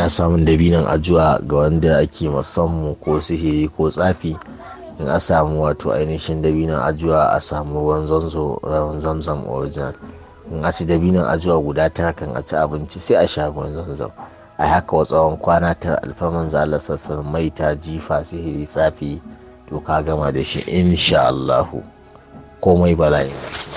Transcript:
ana samun dabinon ajuwa ga wanda ake musamman ko sihiri ko tsafi in a samu wato ainihin dabinon ajuwa a samu ruwan zanzo ruwan zamzam original in a ci dabinon ajuwa guda tara kan a ci abinci sai a sha ruwan zamzam a haka wa tsawon kwana ta alfaman zalasassan mai ta jifa sihiri tsafi to ka gama da shi insha Allahu komai bala'in